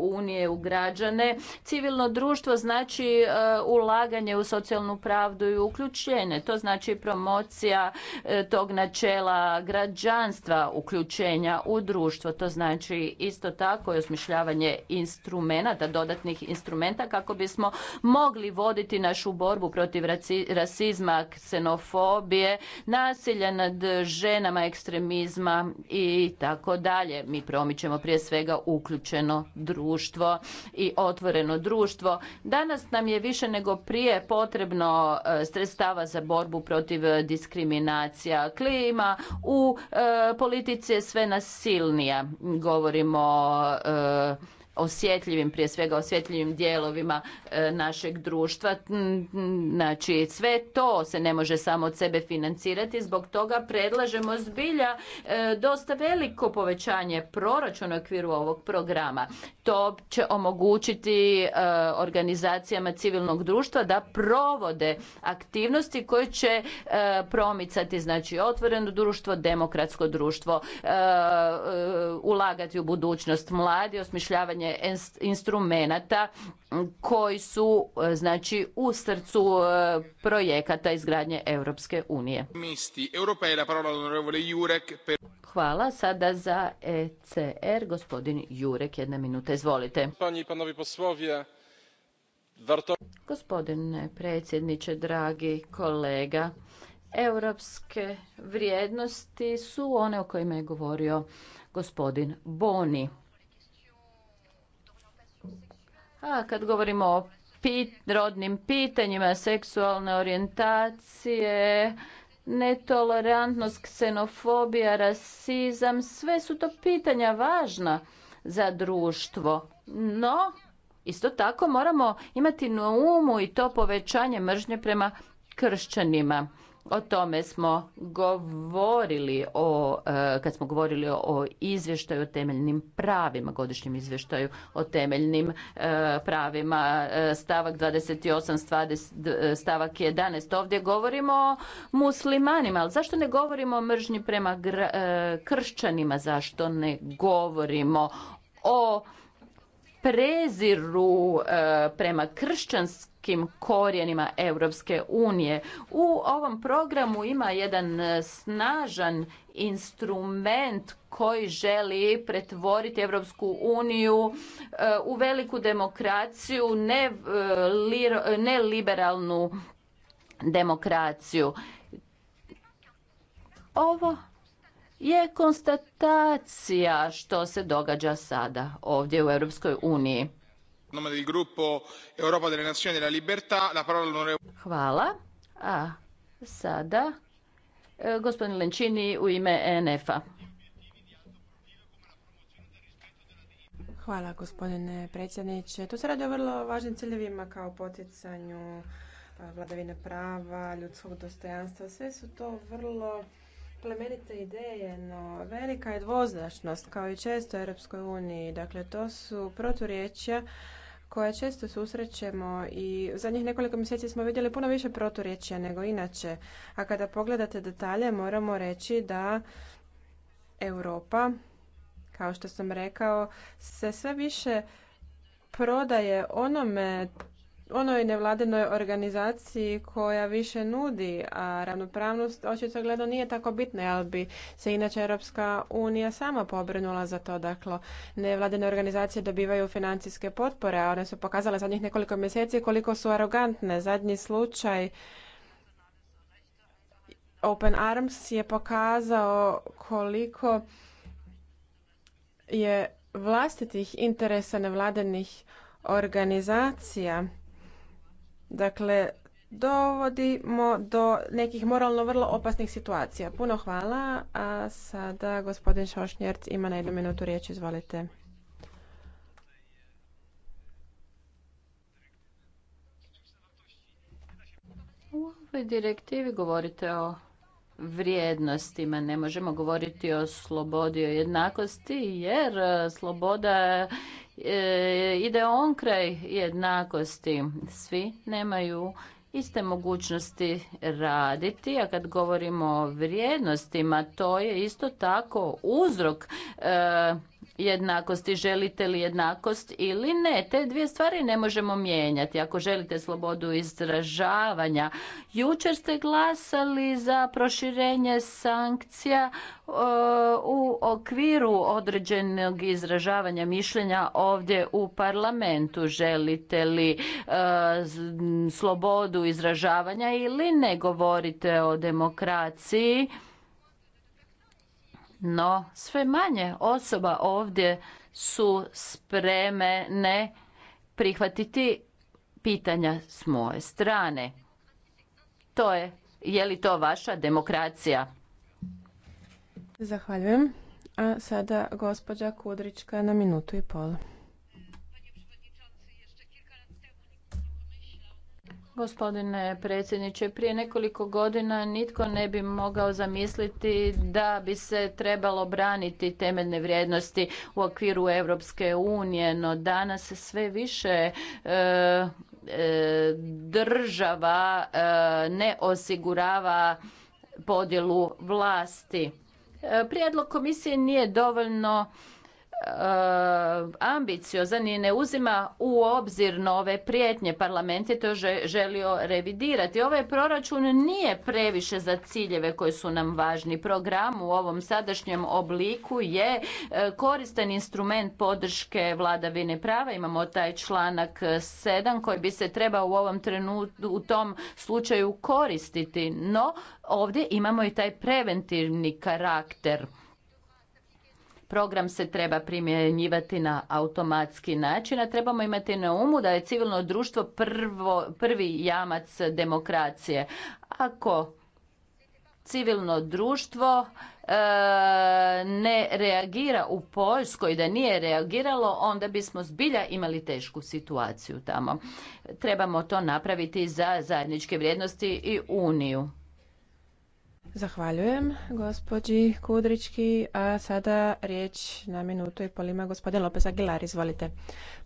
unije u građane. Civilno društvo znači e, ulaganje u socijalnu pravdu i uključenje. To znači promocija e, tog načela građanstva uključenja u društvo. To znači isto tako i osmišljavanje instrumenata, dodatnih instrumenta kako bismo mogli voditi našu borbu protiv rasizma, ksenofobije, nasilja nad ženama, ekstremizma i tako dalje. Mi promičemo prije svega uključeno društvo i otvoreno društvo. Danas nam je više nego prije potrebno e, sredstava za borbu protiv diskriminacija. Klima u e, politici je sve nasilnija. Govorimo e, osjetljivim, prije svega osjetljivim dijelovima e, našeg društva. Znači, sve to se ne može samo od sebe financirati, zbog toga predlažemo zbilja e, dosta veliko povećanje proračuna u okviru ovog programa. To će omogućiti e, organizacijama civilnog društva da provode aktivnosti koje će promicati znači otvoreno društvo, demokratsko društvo, ulagati u budućnost mladi, osmišljavanje instrumenata koji su e, znači u srcu e, projekata izgradnje Europske unije. Hvala. Sada za ECR gospodin Jurek, jedna minuta, izvolite. Gospodine predsjedniče, dragi kolega, europske vrijednosti su one o kojima je govorio gospodin Boni. A kad govorimo o pit, rodnim pitanjima, seksualne orijentacije, netolerantnost, ksenofobija, rasizam, sve su to pitanja važna za društvo. No, isto tako moramo imati na umu i to povećanje mržnje prema kršćanima. O tome smo govorili o, e, kad smo govorili o izvještaju o temeljnim pravima, godišnjem izvještaju o temeljnim e, pravima, e, stavak 28, stavak 11. Ovdje govorimo o muslimanima, ali zašto ne govorimo o mržnji prema kršćanima, zašto ne govorimo o preziru prema kršćanskim kim korijenima Europske unije. U ovom programu ima jedan e, snažan instrument koji želi pretvoriti Europsku uniju e, u veliku demokraciju, neliberalnu e, demokraciju. Ovo je konstatacija što se događa sada ovdje u Europskoj uniji. E Hvala. A sada e, gospodin Lenčini u ime e NF-a. Hvala gospodine predsjedniče. Tu se radi o vrlo važnim ciljevima kao poticanju vladavine prava, ljudskog dostojanstva. Sve su to vrlo plemenite ideje, no velika je dvoznačnost kao i često u Europskoj uniji. Dakle, to su proturječja koja često susrećemo i zadnjih nekoliko mjeseci smo vidjeli puno više proturječja nego inače. A kada pogledate detalje moramo reći da Europa, kao što sam rekao, se sve više prodaje onome onoj nevladinoj organizaciji koja više nudi, a ravnopravnost očito gledo nije tako bitna, ali bi se inače Europska unija sama pobrinula za to. Dakle, nevladine organizacije dobivaju financijske potpore, a one su pokazale zadnjih nekoliko mjeseci koliko su arogantne. Zadnji slučaj Open Arms je pokazao koliko je vlastitih interesa nevladinih organizacija Dakle, dovodimo do nekih moralno vrlo opasnih situacija. Puno hvala, a sada gospodin Šošnjerc ima na jednu minutu riječ, izvolite. U ovoj direktivi govorite o vrijednostima. Ne možemo govoriti o slobodi, o jednakosti, jer sloboda E, ide on kraj jednakosti. Svi nemaju iste mogućnosti raditi, a kad govorimo o vrijednostima, to je isto tako uzrok e, jednakosti, želite li jednakost ili ne. Te dvije stvari ne možemo mijenjati. Ako želite slobodu izražavanja, jučer ste glasali za proširenje sankcija e, u okviru određenog izražavanja mišljenja ovdje u parlamentu. Želite li e, slobodu izražavanja ili ne govorite o demokraciji? no sve manje osoba ovdje su spreme prihvatiti pitanja s moje strane. To je, je li to vaša demokracija? Zahvaljujem. A sada gospođa Kudrička na minutu i pol. Gospodine predsjedniče, prije nekoliko godina nitko ne bi mogao zamisliti da bi se trebalo braniti temeljne vrijednosti u okviru Europske unije, no danas sve više e, e, država e, ne osigurava podjelu vlasti. Prijedlog komisije nije dovoljno E, ambiciozan i ne uzima u obzir nove prijetnje. Parlament je to želio revidirati. Ovaj proračun nije previše za ciljeve koji su nam važni. Program u ovom sadašnjem obliku je e, koristan instrument podrške vladavine prava. Imamo taj članak 7 koji bi se trebao u ovom trenutku u tom slučaju koristiti. No ovdje imamo i taj preventivni karakter program se treba primjenjivati na automatski način, a trebamo imati na umu da je civilno društvo prvo, prvi jamac demokracije. Ako civilno društvo e, ne reagira u Poljskoj, da nije reagiralo, onda bismo zbilja imali tešku situaciju tamo. Trebamo to napraviti za zajedničke vrijednosti i Uniju. Zahvaljujem gospođi Kudrički, a sada riječ na minutu i polima gospodin Lopez Aguilar, izvolite.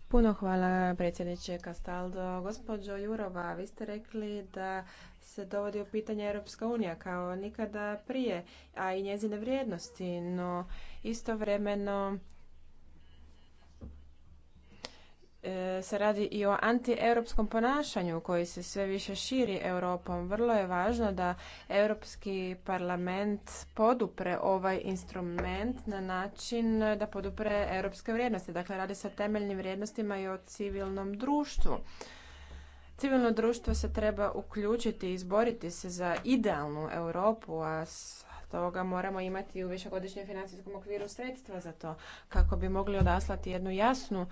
Puno hvala predsjedniče Castaldo. Gospođo Jurova, vi ste rekli da se dovodi u pitanje Europska unija kao nikada prije, a i njezine vrijednosti, no istovremeno E, se radi i o antieuropskom ponašanju koji se sve više širi Europom. Vrlo je važno da Europski parlament podupre ovaj instrument na način da podupre europske vrijednosti. Dakle, radi se o temeljnim vrijednostima i o civilnom društvu. Civilno društvo se treba uključiti i izboriti se za idealnu Europu, a toga moramo imati u višegodišnjem financijskom okviru sredstva za to kako bi mogli odaslati jednu jasnu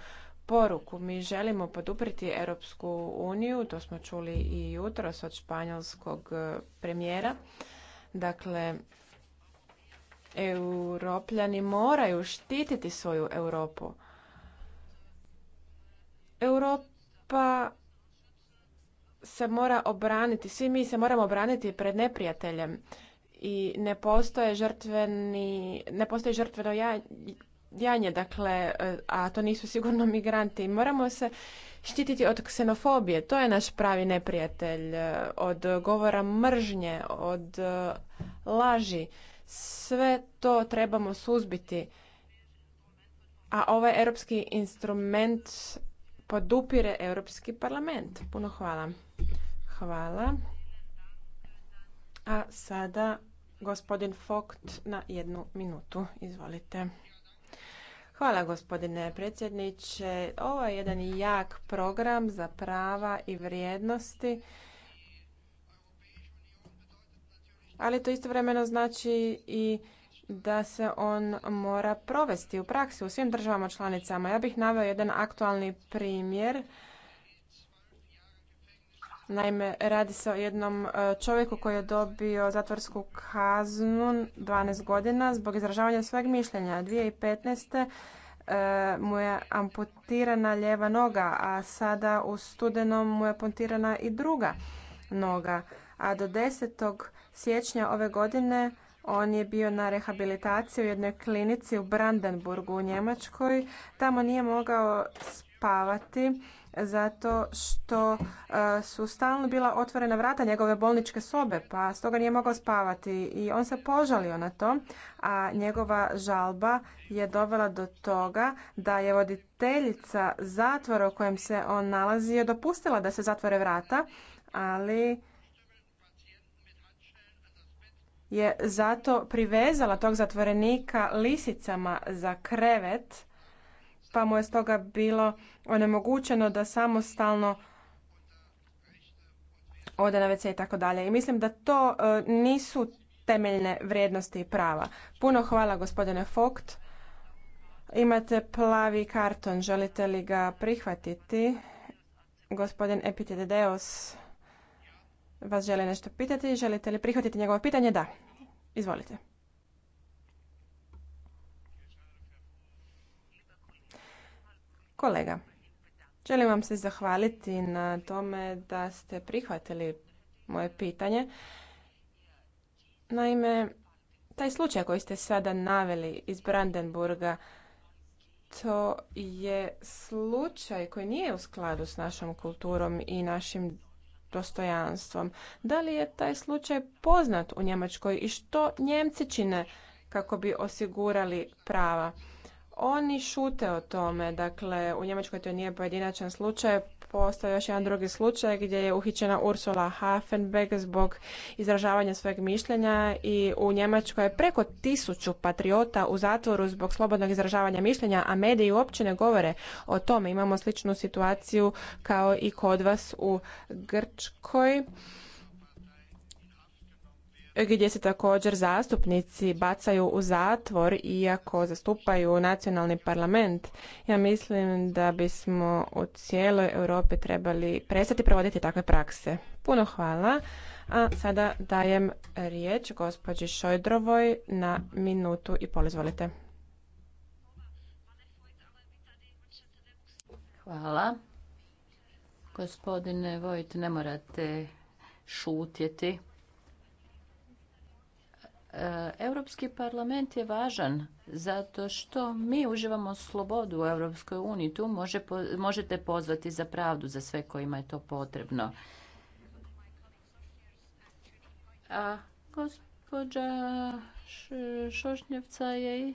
poruku. Mi želimo poduprijeti Europsku uniju, to smo čuli i jutros od španjolskog e, premijera. Dakle, europljani moraju štititi svoju Europu. Europa se mora obraniti, svi mi se moramo obraniti pred neprijateljem i ne postoje žrtveni, ne postoji žrtveno ja, janje, dakle, e, a to nisu sigurno migranti. Moramo se štititi od ksenofobije, to je naš pravi neprijatelj, e, od govora mržnje, od e, laži. Sve to trebamo suzbiti. A ovaj europski instrument podupire Europski parlament. Puno hvala. Hvala. A sada gospodin Fokt na jednu minutu. Izvolite. Hvala gospodine predsjedniče. Ovo je jedan jak program za prava i vrijednosti. Ali to istovremeno znači i da se on mora provesti u praksi u svim državama članicama. Ja bih naveo jedan aktualni primjer Naime, radi se o jednom e, čovjeku koji je dobio zatvorsku kaznu 12 godina zbog izražavanja svojeg mišljenja. 2015. E, mu je amputirana lijeva noga, a sada u studenom mu je amputirana i druga noga. A do 10. siječnja ove godine on je bio na rehabilitaciji u jednoj klinici u Brandenburgu u Njemačkoj. Tamo nije mogao spavati zato što e, su stalno bila otvorena vrata njegove bolničke sobe, pa stoga nije mogao spavati i on se požalio na to, a njegova žalba je dovela do toga da je voditeljica zatvora u kojem se on nalazio dopustila da se zatvore vrata, ali je zato privezala tog zatvorenika lisicama za krevet pa mu je stoga bilo onemogućeno da samostalno ode na WC i tako dalje. I mislim da to e, nisu temeljne vrijednosti i prava. Puno hvala gospodine Fogt. Imate plavi karton, želite li ga prihvatiti? Gospodin Epitidedeos vas želi nešto pitati. Želite li prihvatiti njegovo pitanje? Da. Izvolite. Kolega, želim vam se zahvaliti na tome da ste prihvatili moje pitanje. Naime, taj slučaj koji ste sada naveli iz Brandenburga, to je slučaj koji nije u skladu s našom kulturom i našim dostojanstvom. Da li je taj slučaj poznat u Njemačkoj i što Njemci čine kako bi osigurali prava? Oni šute o tome, dakle u Njemačkoj to nije pojedinačan slučaj, postoji još jedan drugi slučaj gdje je uhićena Ursula Hafenbeck zbog izražavanja svojeg mišljenja i u Njemačkoj je preko tisuću patriota u zatvoru zbog slobodnog izražavanja mišljenja, a mediji uopće ne govore o tome. Imamo sličnu situaciju kao i kod vas u Grčkoj gdje se također zastupnici bacaju u zatvor iako zastupaju nacionalni parlament. Ja mislim da bismo u cijeloj Europi trebali prestati provoditi takve prakse. Puno hvala. A sada dajem riječ gospođi Šojdrovoj na minutu i pol. Izvolite. Hvala. Gospodine Vojt, ne morate šutjeti. E, Europski parlament je važan zato što mi uživamo slobodu u Europskoj uniji. Tu možete pozvati za pravdu za sve kojima je to potrebno. A gospođa Šošnjevca je,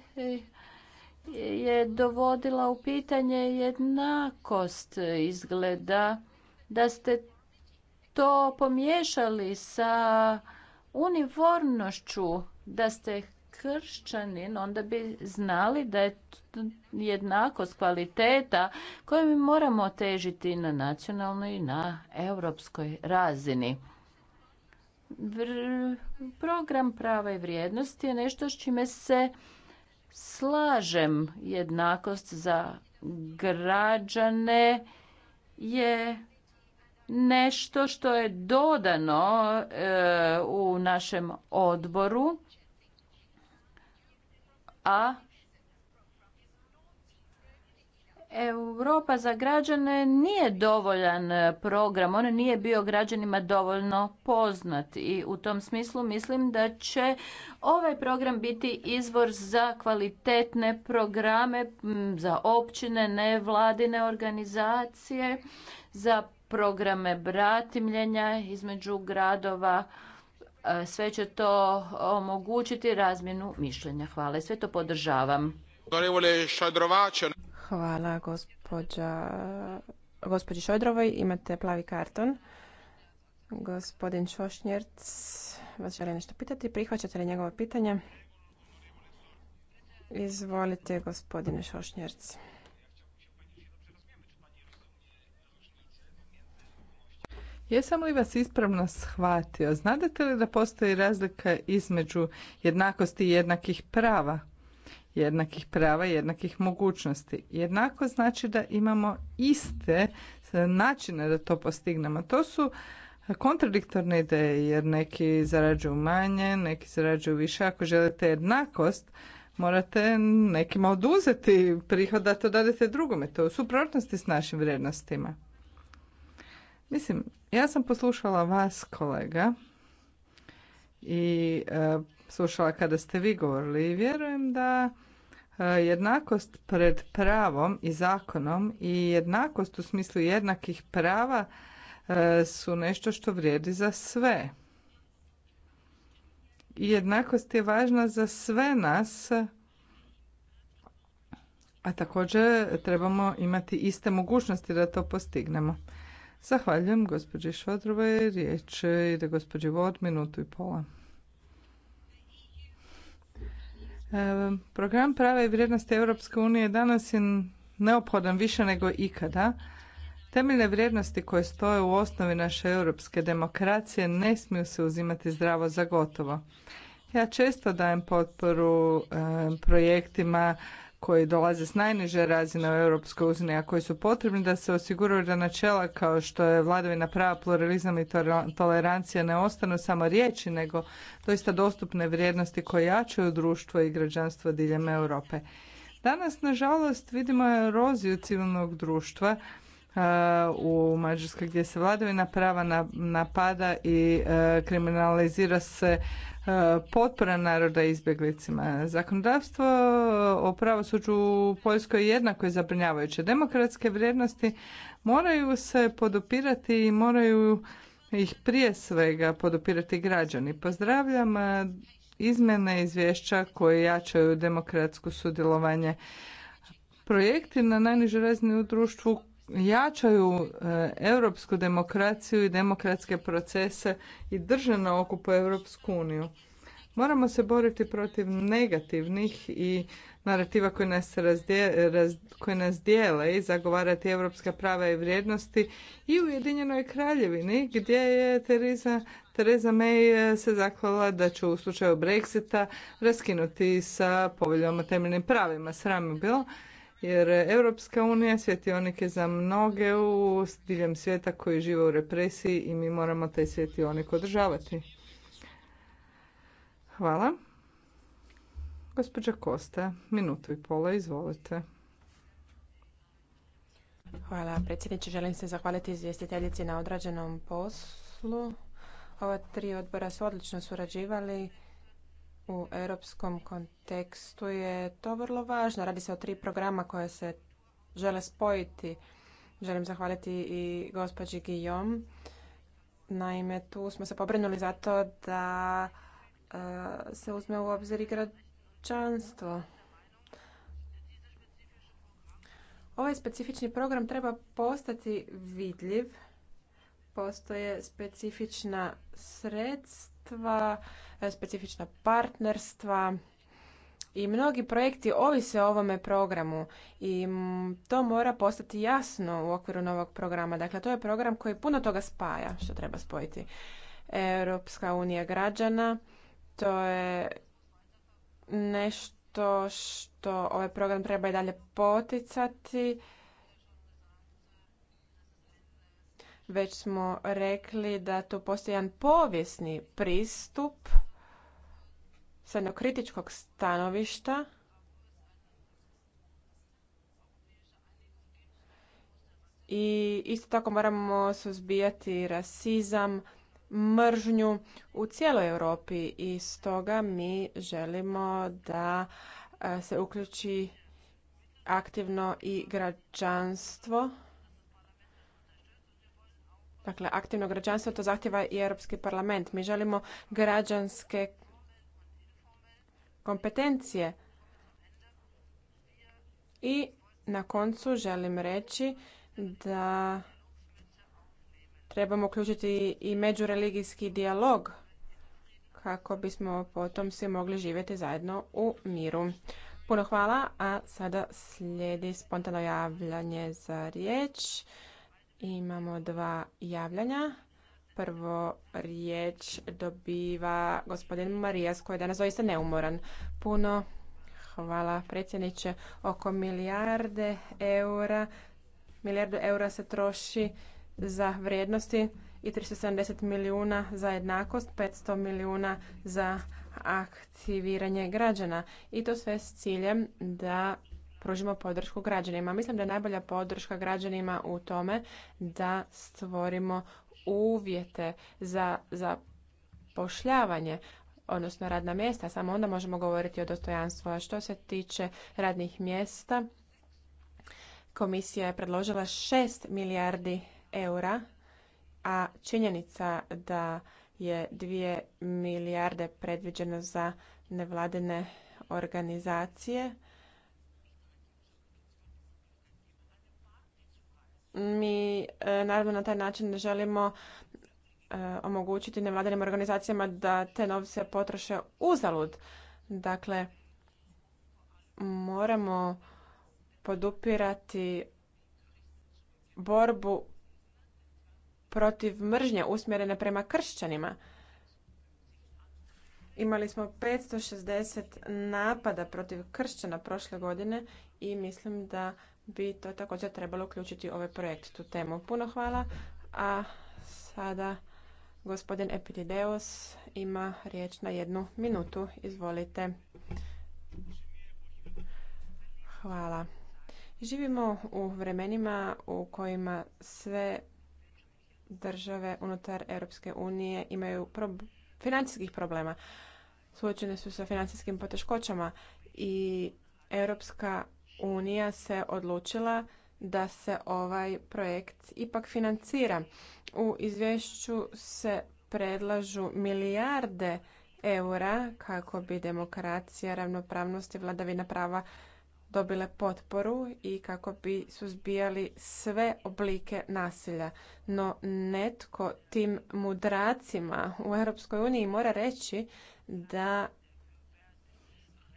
je dovodila u pitanje jednakost izgleda da ste to pomiješali sa uniformnošću da ste kršćanin, onda bi znali da je jednakost kvaliteta koju mi moramo težiti na nacionalnoj i na europskoj razini. Program prava i vrijednosti je nešto s čime se slažem. Jednakost za građane je nešto što je dodano e, u našem odboru, a Europa za građane nije dovoljan program, on nije bio građanima dovoljno poznat i u tom smislu mislim da će ovaj program biti izvor za kvalitetne programe za općine, nevladine organizacije, za programe bratimljenja između gradova. E, sve će to omogućiti razmjenu mišljenja. Hvala i sve to podržavam. Hvala gospođa, gospođi Šodrovoj. Imate plavi karton. Gospodin Šošnjerc vas želi nešto pitati. Prihvaćate li njegovo pitanje? Izvolite gospodine Šošnjerc. Jesam li vas ispravno shvatio? Znadete li da postoji razlika između jednakosti i jednakih prava? Jednakih prava i jednakih mogućnosti. Jednako znači da imamo iste načine da to postignemo. To su kontradiktorne ideje jer neki zarađuju manje, neki zarađuju više. Ako želite jednakost, morate nekima oduzeti prihod da to dadete drugome. To je u suprotnosti s našim vrijednostima. Mislim, ja sam poslušala vas kolega i e, slušala kada ste vi govorili i vjerujem da e, jednakost pred pravom i zakonom i jednakost u smislu jednakih prava e, su nešto što vrijedi za sve. I jednakost je važna za sve nas, a također trebamo imati iste mogućnosti da to postignemo. Zahvaljujem gospođi Šodrove. Riječ ide gospođi Vod, minutu i pola. E, program prava i vrijednosti Europske unije danas je neophodan više nego ikada. Temeljne vrijednosti koje stoje u osnovi naše europske demokracije ne smiju se uzimati zdravo za gotovo. Ja često dajem potporu e, projektima koji dolaze s najniže razine u Europskoj uniji, a koji su potrebni da se osiguraju da načela kao što je vladavina prava, pluralizam i tolerancija ne ostanu samo riječi, nego doista dostupne vrijednosti koje jačaju društvo i građanstvo diljem Europe. Danas, nažalost, vidimo eroziju civilnog društva u Mađarskoj gdje se vladavina prava napada i e, kriminalizira se potpora naroda izbjeglicima. Zakonodavstvo o pravosuđu u Poljskoj jednako je zabrinjavajuće. Demokratske vrijednosti moraju se podupirati i moraju ih prije svega podupirati građani. Pozdravljam e, izmjene izvješća koje jačaju demokratsko sudjelovanje projekti na najnižoj razini u društvu jačaju e, europsku demokraciju i demokratske procese i drže na okupu Europsku uniju. Moramo se boriti protiv negativnih i narativa koje nas, razdje, koji nas dijele i zagovarati europska prava i vrijednosti i u Ujedinjenoj kraljevini gdje je Teresa, Teresa May e, se zaklala da će u slučaju Brexita raskinuti sa poveljom o temeljnim pravima. Sram je bilo jer Europska unija svjetionik je za mnoge u diljem svijeta koji žive u represiji i mi moramo taj svjetionik održavati. Hvala. Gospođa Kosta, minutu i pola, izvolite. Hvala predsjedniče. Želim se zahvaliti izvjestiteljici na odrađenom poslu. Ova tri odbora su odlično surađivali u europskom kontekstu je to vrlo važno. Radi se o tri programa koje se žele spojiti. Želim zahvaliti i gospođi Guillaume. Naime, tu smo se pobrinuli za to da e, se uzme u obzir i građanstvo. Ovaj specifični program treba postati vidljiv. Postoje specifična sredstva E, specifična partnerstva i mnogi projekti ovise o ovome programu i to mora postati jasno u okviru novog programa. Dakle, to je program koji puno toga spaja što treba spojiti. Europska unija građana, to je nešto što ovaj program treba i dalje poticati Već smo rekli da tu postoji jedan povijesni pristup sa jednog stanovišta i isto tako moramo suzbijati rasizam, mržnju u cijeloj Europi i stoga mi želimo da e, se uključi aktivno i građanstvo Dakle, aktivno građanstvo to zahtjeva i Europski parlament. Mi želimo građanske kompetencije. I na koncu želim reći da trebamo uključiti i međureligijski dijalog kako bismo potom svi mogli živjeti zajedno u miru. Puno hvala, a sada slijedi spontano javljanje za riječ. Imamo dva javljanja. Prvo riječ dobiva gospodin Marijas koji je danas doista neumoran. Puno hvala predsjedniče. Oko milijarde eura, milijardu eura se troši za vrijednosti i 370 milijuna za jednakost, 500 milijuna za aktiviranje građana. I to sve s ciljem da pružimo podršku građanima. Mislim da je najbolja podrška građanima u tome da stvorimo uvjete za zapošljavanje odnosno radna mjesta, samo onda možemo govoriti o dostojanstvu. A što se tiče radnih mjesta, komisija je predložila 6 milijardi eura, a činjenica da je 2 milijarde predviđeno za nevladine organizacije Mi e, naravno na taj način želimo e, omogućiti nevladinim organizacijama da te novce potroše uzalud. Dakle, moramo podupirati borbu protiv mržnje usmjerene prema kršćanima. Imali smo 560 napada protiv kršćana prošle godine i mislim da bi to također trebalo uključiti u ovaj projekt, tu temu. Puno hvala, a sada gospodin Epitideos ima riječ na jednu minutu. Izvolite. Hvala. Živimo u vremenima u kojima sve države unutar Europske unije imaju financijskih problema. Suočene su sa financijskim poteškoćama i Europska unija se odlučila da se ovaj projekt ipak financira. U izvješću se predlažu milijarde eura kako bi demokracija, ravnopravnost i vladavina prava dobile potporu i kako bi suzbijali sve oblike nasilja. No netko tim mudracima u Europskoj uniji mora reći da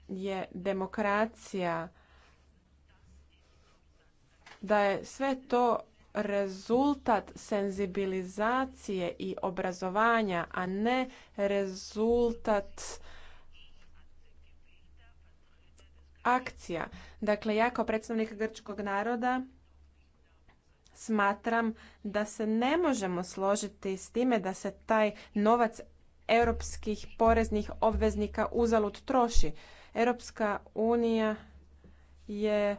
je demokracija da je sve to rezultat senzibilizacije i obrazovanja, a ne rezultat akcija. Dakle, ja kao predstavnik grčkog naroda smatram da se ne možemo složiti s time da se taj novac europskih poreznih obveznika uzalud troši. Europska unija je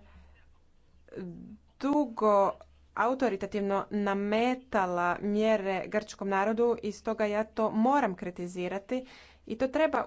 dugo autoritativno nametala mjere grčkom narodu i stoga ja to moram kritizirati i to treba